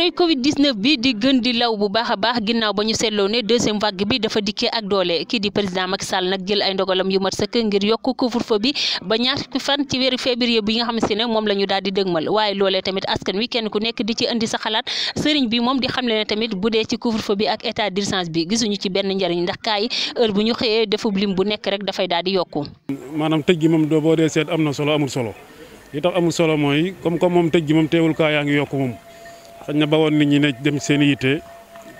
jàngoroy Covid 19 bi di gën di law bu baax a baax ginnaaw ba ñu seetloo ne deuxième vague bi dafa dikkee ak doole kii di président Macky Sall nag jël ay ndogalam yu mat sëkk ngir yokk bi ba ñaar fukki ne moom la ñu daal di dëgmal waaye loolee tamit askan wi kenn ku nekk di ci indi sa xalaat sëriñ bi moom di xamle ne tamit bu dee ci couvre-feu bi ak état d'urgence bi gisuñu ci benn njariñ ndax kaay heure bu ñu xëyee defub lim bu nekk rek dafay daal di yokku. maanaam tëj gi moom boo dee seet am na solo amul solo li tax amul solo mooy comme comme moom xañ na bawoon nit ñi ne dem seen i yitte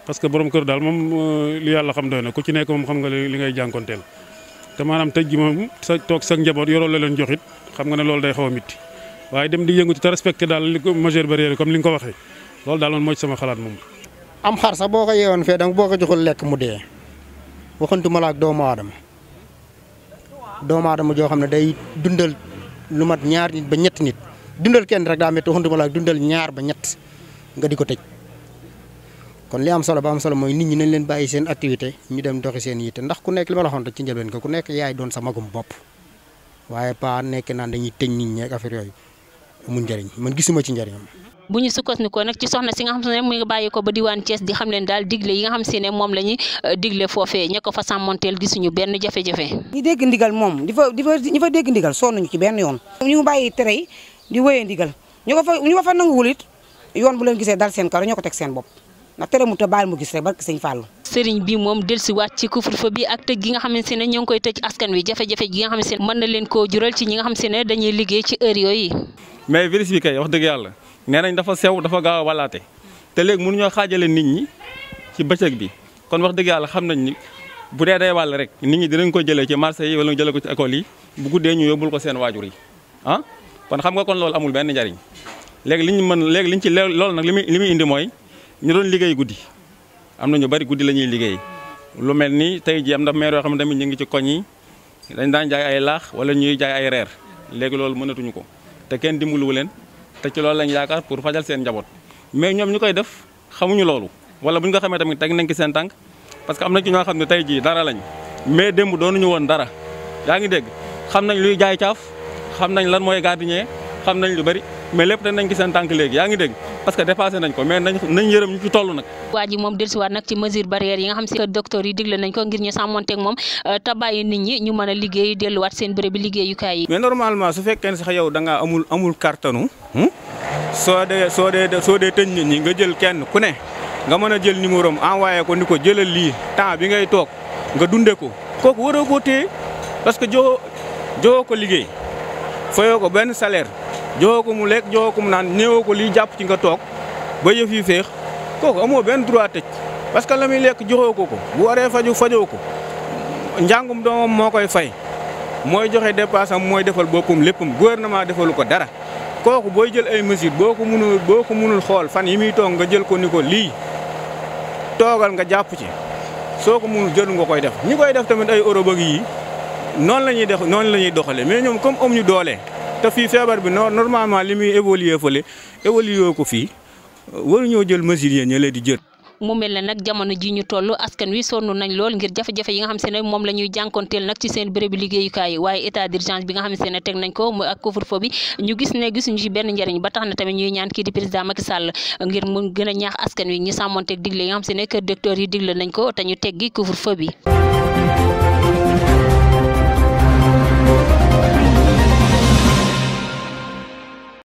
parce que borom kër daal moom euh, li yàlla xam doy na ku ci nekk moom xam nga li ngay jànkonteel te maanaam tëj gi moom sa toog sa njaboot yoroo la leen joxit xam nga ne loolu day xaw a mitti waaye dem di yëngu te respecté daal li ko majeure barrière comme li nga ko boo ko yeewoon fee danga boo ko joxul lekk mu dee waxantuma la ak doomu aadama doomu aadama joo xam ne day dundal lu mat ñaar nit ba ñett nit dundal kenn rek daa métti waxantuma la ak dundal ñaar ba ñett. nga di ko tëj kon li am solo ba am solo mooy nit ñi nañ leen bàyyi seen activité ñu dem doxi seen yitte ndax ku nekk li ma la xonte ci njëlbeen ko ku nekk yaay doon sa magum bopp waaye pa nekk naan dañuy tëj nit ñi ak affaire yooyu amul gisuma ci njëriñam. bu ñu sukkandikoo nag ci soxna si nga xam ne mu ngi bàyyi ko ba diwaan Thiès di xam leen daal digle yi nga xam si ne moom la ñuy euh, digle foofee ña ko fa sàmmanteel gisuñu benn jafe-jafe. ñi dégg ndigal moom di fa di fa ñi fa dégg ndigal sonnuñu ci benn yoon. ñu bàyyi tere yi di wéyee ndigal ñu fa ñu ko fa nanguwul yoon bu leen gisee dal seen kaw ñoo ko teg seen bopp ndax tere mu te baal mu gis rek barke sëñ Fallou. sëriñ bi moom dellusiwaat ci couvre-feu bi ak tëj gi nga xamante ne ñoo koy tëj askan wi jafe-jafe gi nga xamante ne mën na leen koo jural ci ñi nga xamante ne dañuy liggéey ci heure yooyu. mais virus bi kay wax dëgg yàlla nee nañ dafa sew dafa gaaw a walaate te léegi mënuñoo xaajale nit ñi ci bëccëg bi kon wax dëgg yàlla xam nañ ni bu dee dee wàll rek nit ñi dinañ ko jëlee ci marché yi wala jëlee ko ci école yi bu guddee ñu yóbbul seen waajur yi ah kon xam nga kon loolu amul benn njariñ léegi li ñu mën léegi li ñu ci lool nag li muy li muy indi mooy ñu doon liggéey guddi am na ñu bari guddi la ñuy liggéey lu mel nii tey ji am na maire yoo xam ne tamit ñu ngi ci koñ yi dañ daan jaay ay laax wala ñuy jaay ay reer léegi loolu mënatuñu ko te kenn dimbaluwu leen te ci loolu lañ yaakaar pour fajal seen njaboot mais ñoom ñu koy def xamuñu loolu wala bu ñu ko xamee tamit teg nañ ci seen tànk parce que am na ci ñoo xam ne tey jii dara lañ mais démb doonuñu woon dara yaa ngi dégg xam nañ luy jaay caaf xam nañ lan mooy gardien xam nañ lu bari mais lépp dañ nañ ci seen tànk léegi yaa ngi dégg parce que dépassé nañ ko mais nañ yërëm ñu ci toll nag waa ji moom dellusiwaat nag ci mesure barrière yi nga xam si que docteur yi digle nañ ko ngir ñu sàmmonteeg moom euh, te bàyyi nit ñi ñu mën a liggéey delluwaat seen bërëb bi liggéeyukaay yi mais normalement su fekkee ne sax yow da ngaa amul amul kartanu hmm? soo dee soo dee soo dee tëj nit ñi nga jël kenn ku ne nga mën a jël numéro am envoyé ko ni ko jëlal lii temps bi ngay toog nga dunde ko kooku waroo koo téye parce que joo joo ko liggéey fayoo ko benn salaire joxoo mu lekk joxoo ko mu naan néewoo ko lii jàpp ci nga toog ba yëf yi féex kooku amoo benn droit tëj parce que la muy lekk joxoo ko ko bu waree faju fajoo ko njàngum doomam moo koy fay mooy joxe dépasse am mooy defal boppam léppam gouvernement defalu ko dara kooku booy jël ay mesures boo ko mënul boo ko mënul xool fan yi muy toog nga jël ko ni ko lii toogal nga jàpp ci soo ko mënul jël nga koy def ñi koy def tamit ay Europe yi noon la ñuy def noonu la ñuy doxalee mais ñoom comme amuñu doole. te fii feebar bi non normalement li muy évoluer fële évoluer ko fii waruñoo jël mesures yi ñu leen di jël. mu mel ne nag jamono ji ñu toll askan wi sonn nañ lool ngir jafe-jafe yi nga xam se ne moom la ñuy jànkonteel nag ci seen bérébu liggéeyukaay waaye état d'urgence bi nga xam se ne teg nañ ko mu ak couvre-feu bi ñu gis ne gisuñu ci benn njariñ ba tax na tamit ñuy ñaan kii di président Macky Sall ngir mu gën a ñaax askan wi ñu sàmmonteeg digle yi nga xam se ne kër docteur yi digle nañ ko te ñu teggi couvre-feu bi